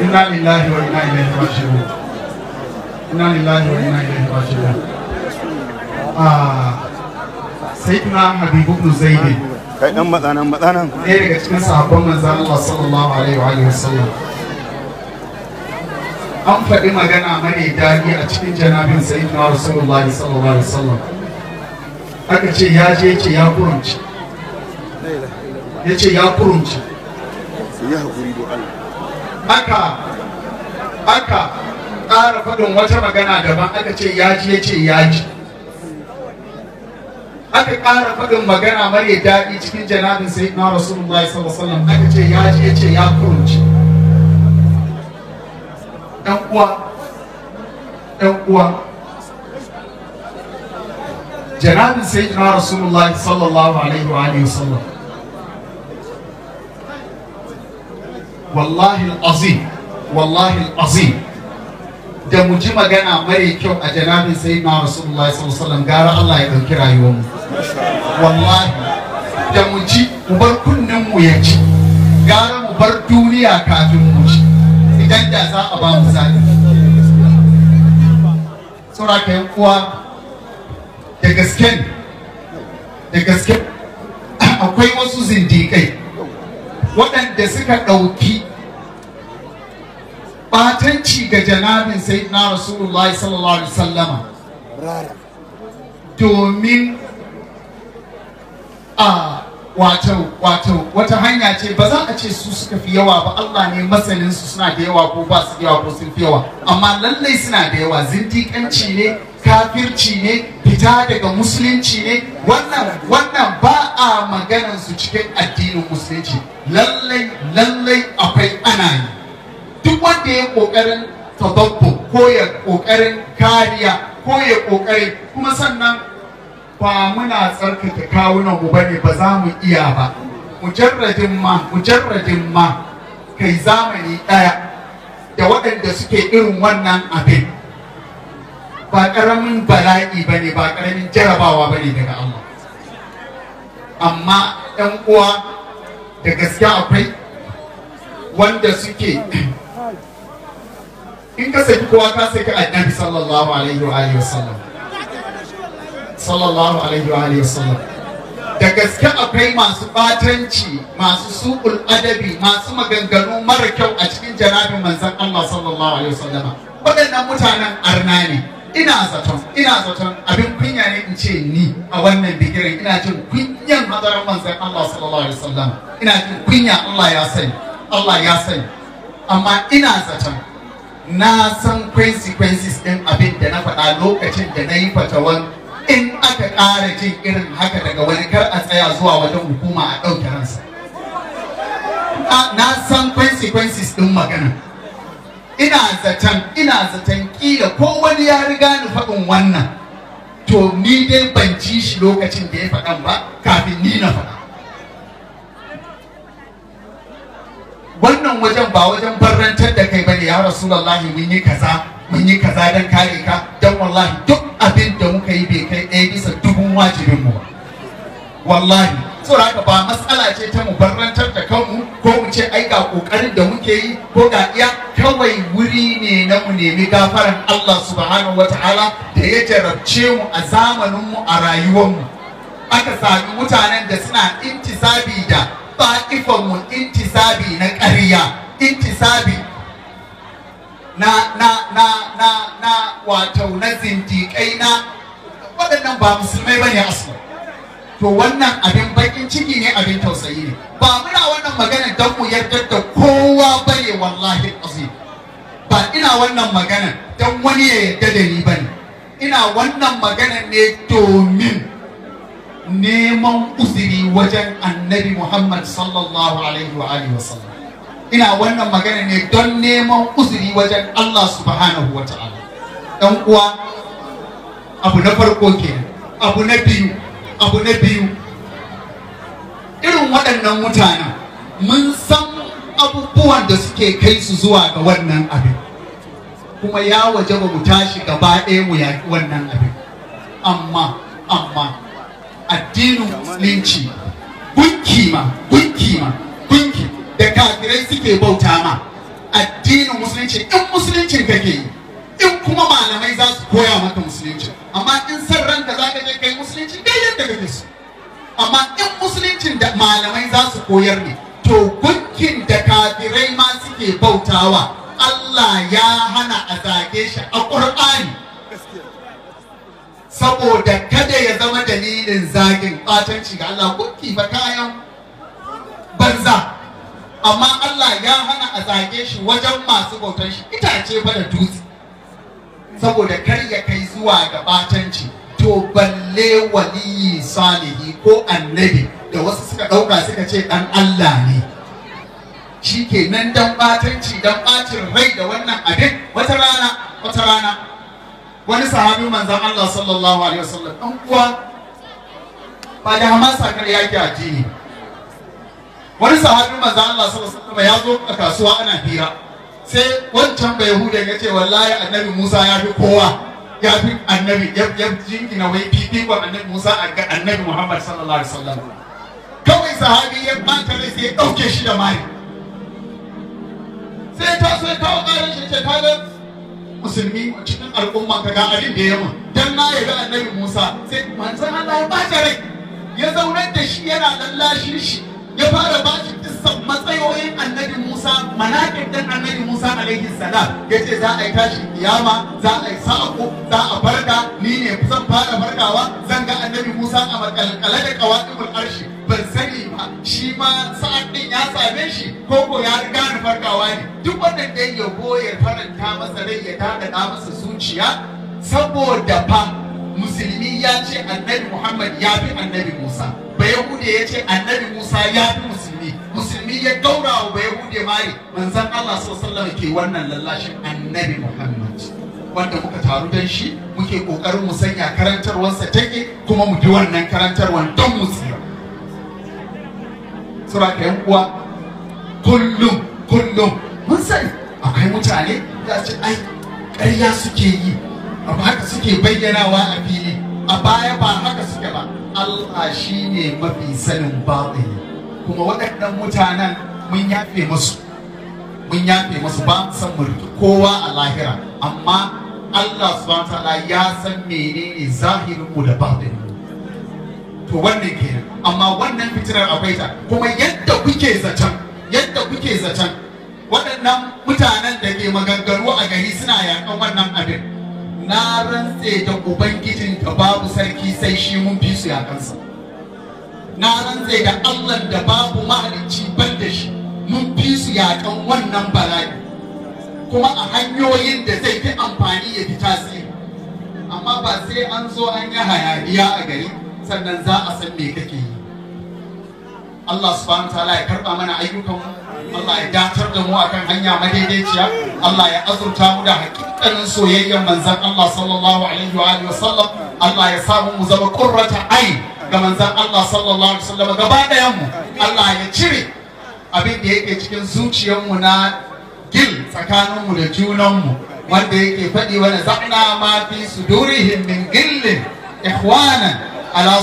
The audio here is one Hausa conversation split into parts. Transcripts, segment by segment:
inna lillahi wa inna ilaihi raji'un inna lillahi wa inna ilaihi raji'un ah sayyidina habibu ibn zaid kai dan matsanan matsanan ɗaya daga cikin sahabban manzon Allah sallallahu alaihi wa sallam. an faɗi magana mare dadi a cikin janabin sayyidina rasulullahi sallallahu alaihi sallam. aka ce ya je ce ya kurunci ya ce ya kurunci ya hakuri do Allah aka aka ƙara faɗin wata magana daban aka ce ya ya ce ya ji aka ƙara faɗin magana mara daɗi cikin janabin sai na rasulullahi sallallahu alaihi aka ce ya ji ya ce ya kurunci ɗan uwa ɗan uwa janabin sai na rasulullahi sallallahu alaihi wa sallam wallahi azim wallahi azim da mu ji magana mai kyau a janabin sai na rasulullahi sallallahu alaihi gara Allah ya ɗauki rayuwarmu wallahi da mu ji ubar kunnen mu ya ci gara mu bar duniya kafin mu ci idan da za a ba mu zaɓi Sura ka kuwa da gaske da gaske akwai wasu zindikai waɗanda suka ɗauki ɓatanci ga janabin na rasulullahi sallallahu alaihi sallama domin a wato wato wata hanya ce ba za a ce su suka fi yawa ba Allah ne masanin su suna da yawa ko ba su yawa ko sun fi yawa amma lallai suna da yawa zindiƙanci ne kafirci ne fita daga musulunci ne wannan wannan ba a maganan su cikin addinin musulunci lallai lallai akwai ana yi duk wanda ya kokarin tadabbu ko ya kokarin kariya ko ya kokari kuma sannan ba muna tsarkake kawunan mu bane ba za mu iya ba mujarradin ma mujarradin ma kai zamani daya da waɗanda suke irin wannan abin ba ƙaramin bala'i ba ne ba ƙaramin jarabawa ba ne daga Allah amma ɗan uwa da gaskiya akwai wanda suke in ka saki kowa ka saki annabi sallallahu alaihi wa alihi wasallam sallallahu alaihi wa alihi wasallam da gaske akwai masu batanci masu suƙul adabi masu maganganu mara kyau a cikin jarabin manzon Allah sallallahu alaihi wasallam waɗannan mutanen arna ne ina zaton ina zaton abin kunya ne in ce ni a wannan bigirin ina jin kunyan madaran manzon Allah sallallahu alaihi wasallam ina jin kunya Allah ya sani Allah ya sani amma ina zaton na san consequences din abin da na faɗa lokacin da na yi fatawan in aka ƙara jin irin haka daga wani kar a tsaya zuwa wajen hukuma a ɗauke ransa na san consequences din magana ina zaton ina zaton kila ko wani ya riga ni faɗin wannan to ni dai ban ji shi lokacin da ya faɗan ba kafin ni na faɗa wannan wajen ba wajen barrantar da kai bane ya rasulullahi mun yi kaza mun yi kaza don kare ka don wallahi duk abin da muka yi bai kai ɗaya bisa dubun wajibinmu mu ba wallahi saboda haka ba matsala ce ta mu barrantar da kanmu ce ai ga kokarin da muke yi ko ga iya kawai wuri ne na mu nemi gafaran Allah subhanahu wataala da ya jarabce mu a zamanin mu a rayuwar mu aka sami mutanen da suna intisabi da ba'ifan mu intisabi na ƙarya intisabi na na na na na wato na zindiƙai na waɗannan ba musulmai bane asu to wannan abin bakin ciki ne abin tausayi ne ba muna wannan magana don mu yarda da kowa bane wallahi azim ba ina wannan magana don wani ya yarda da ni bane ina wannan magana ne domin neman uzuri wajen annabi Muhammad sallallahu alaihi wa alihi wasallam ina wannan magana ne don neman uzuri wajen Allah subhanahu wa ta'ala dan uwa abu na farko kenan abu na biyu abu na biyu irin waɗannan mutanen mun san abubuwan da suke kai su zuwa ga wannan abin kuma ya waje ba mu tashi gaba ɗaya mu yaƙi wannan abin amma amma addinin musulunci gunki ma gunki ma gunki da kafirai suke bauta ma addinin musulunci in musulunci kake yi in kuma malamai za su koya maka musulunci amma in san ranka za ka daga musu amma in musuluncin da malamai za su koyar ne to gunkin da kafirai ma suke bautawa Allah ya hana a zage shi a ƙur'ani saboda kada ya zama dalilin zagin ɓatanci ga Allah gunki ba kayan banza amma Allah ya hana a zage shi wajen masu bautar shi itace ba da dutse saboda kar ya kai zuwa ga ɓatanci to balle waliyi salihi ko annabi da wasu suka ɗauka suka ce ɗan Allah ne shi ke nan dan batanci dan bacin rai da wannan abin wata rana wata rana wani sahabi manzan Allah sallallahu alaihi wasallam ɗan uwa ba da hamasa kar yaki ne. wani sahabi manzan Allah sallallahu alaihi wasallam ya zo a kasuwa ana hira sai wancan bai yahuda ya ce wallahi annabi Musa ya fi kowa ya fi annabi ya na wai ba annabi musa a ga annabi muhammad sallallahu alaihi wasallam kawai sahabi ya bata rai sai ya dauke shi da mari sai ta so ya kawo shi ce ta ga musulmi cikin al'umma ka ga abin da ya dan na yabi annabi musa sai manzon allah ya bata rai ya zaunar da shi yana lallashin shi ya fara ba matsayoyin annabi Musa manaƙin annabi Musa alaihi salam ya ce za a yi tashi kiyama za a yi sa'ako za a farka. ni ne zan fara farkawa? zan ga annabi Musa a makalkale da kawaɗibul arshi ban sani ba shi ma sa'ad din ya same shi ko ko ya riga da farkawa ne duk wannan dan ya ya faranta masa rai ya tada masa zuciya saboda fa musulmi ya ce annabi Muhammad ya fi annabi Musa ba Yahude ya ce annabi Musa ya fi musulmi ya gaura wa bai hude mari manzan Allah sallallahu ke wannan lallashin annabi Muhammad wanda muka taru dan shi muke kokarin mu sanya karantarwarsa take kuma mu bi wannan karantarwar don mu tsira sura ka yan uwa kullum kullum mun sani akwai mutane da su ai ƙarya suke yi amma haka suke bayyanawa a fili a baya ba haka suke ba Allah shi ne mafi sanin baɗini kuma waɗannan mutanen mun yafe musu mun yafe musu ba mu san mu kowa a lahira amma Allah subhanahu ta'ala ya san menene zahirin mu da batin to wannan kenan amma wannan fitinar akwai ta kuma yadda kuke zaton yadda kuke zaton waɗannan mutanen da ke maganganu a gari suna yakan wannan abin na rantse da ubangijin da babu sarki sai shi mun fi su yaƙansa. na rantse da Allah da babu mahalicci ban da shi mun fi su yakan wannan bala'i kuma a hanyoyin da zai fi amfani ya fi tasiri amma ba sai an zo an yi hayaniya a gari sannan za a san me kake yi Allah subhanahu ta'ala ya karba mana ayyukan Allah ya datar da mu akan hanya madaidaiciya Allah ya azurta mu da hakikanin soyayyen manzon Allah sallallahu alaihi wa wa sallam Allah ya samu mu zama qurrata ayn ga manzan Allah sallallahu alaihi wasallam gaba ɗayan Allah ya cire abin da yake cikin zuciyar mu na gil tsakaninmu da junan mu wanda yake faɗi wa za'na ma fi durihin min gillin ikhwanan ala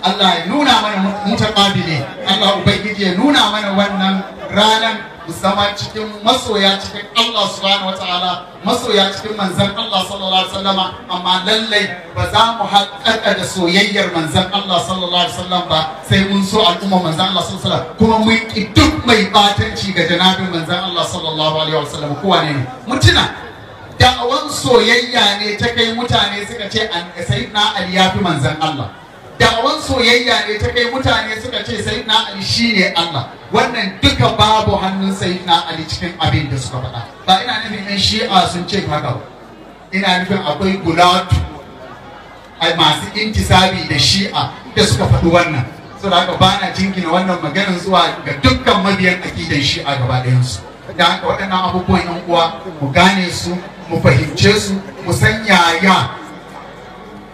Allah ya nuna mana ne Allah ubangiji ya nuna mana wannan ranan zama cikin masoya cikin Allah subhanahu ta'ala masoya cikin manzan Allah sallallahu alaihi wasallam amma lallai ba za mu haƙƙaƙa da soyayyar manzan Allah sallallahu alaihi wasallam ba sai mun so al'umma manzan Allah sallallahu alaihi wasallam kuma mun ki duk mai batanci ga janabin manzan Allah sallallahu alaihi wasallam kowa ne mutuna da'awan soyayya ne ta kai mutane suka ce sayyidina Ali ya fi manzan Allah da'awan soyayya ne ta kai mutane suka ce na ali shine Allah wannan duka babu hannun na ali cikin abin da suka faɗa ba ina nufin yan shi'a sun ce haka ba ina nufin akwai gulatu ai masu intisabi da shi'a da suka faɗi wannan saboda haka ba na jingina wannan maganar zuwa ga dukkan mabiyan akidan shi'a gaba ɗayansu da haka waɗannan abubuwan yan uwa mu gane su mu fahimce su mu san yaya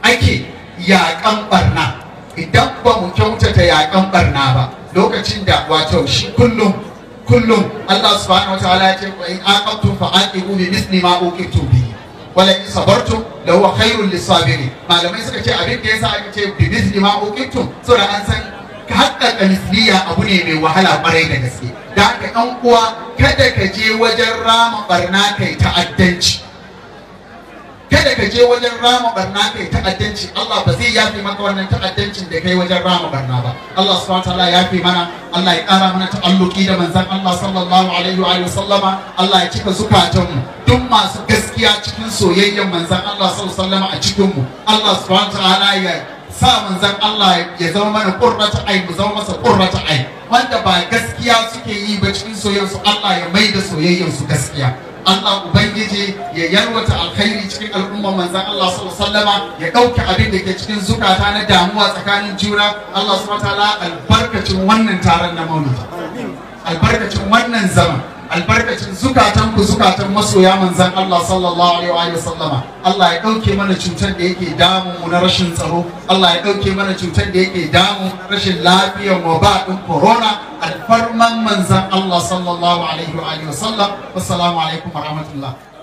ake yaƙan barna idan ba mu kyautata yaƙan barna ba lokacin da wato shi kullum kullum Allah subhanahu wa ta'ala ya ce wa in aqabtum fa aqibu bi misli ma uqibtum bi wala in sabartum la huwa khairul lisabirin malamai suka ce abin da yasa aka ce bi misli ma uqibtum saboda an san haƙƙaƙa misliya abu ne mai wahala kwarai da gaske da haka ɗan uwa kada ka je wajen rama barna kai ta'addanci kada ka je wajen rama barna kai ta'addanci Allah ba zai yafe maka wannan ta'addancin da kai wajen rama barna ba Allah subhanahu wataala ya yafe mana Allah ya kara mana ta'alluki da manzon Allah sallallahu alaihi wa sallama Allah ya cika zukatan mu duk masu gaskiya cikin soyayyen manzon Allah sallallahu alaihi wa sallama a cikin mu Allah subhanahu wataala ya sa manzon Allah ya zama mana qurratu ayn mu zama masa qurratu ayn wanda ba gaskiya suke yi ba cikin soyayyansu Allah ya maida soyayyansu gaskiya Allah ubangiji ya yarwata alkhairi cikin al'umman manzan Allah sallallahu alaihi ya dauke abin da ke cikin zukata na damuwa tsakanin juna Allah subhanahu wa ta'ala albarkacin wannan taron na maulidi albarkacin wannan zaman albarkacin zukatan ku zukatan masoya manzan Allah sallallahu alaihi wa sallama Allah ya dauke mana cutar da yake damu mu na rashin tsaro Allah ya dauke mana cutar da yake damu rashin lafiyar mu ba din corona alfarman manzan Allah sallallahu alaihi wa sallam assalamu alaikum wa rahmatullah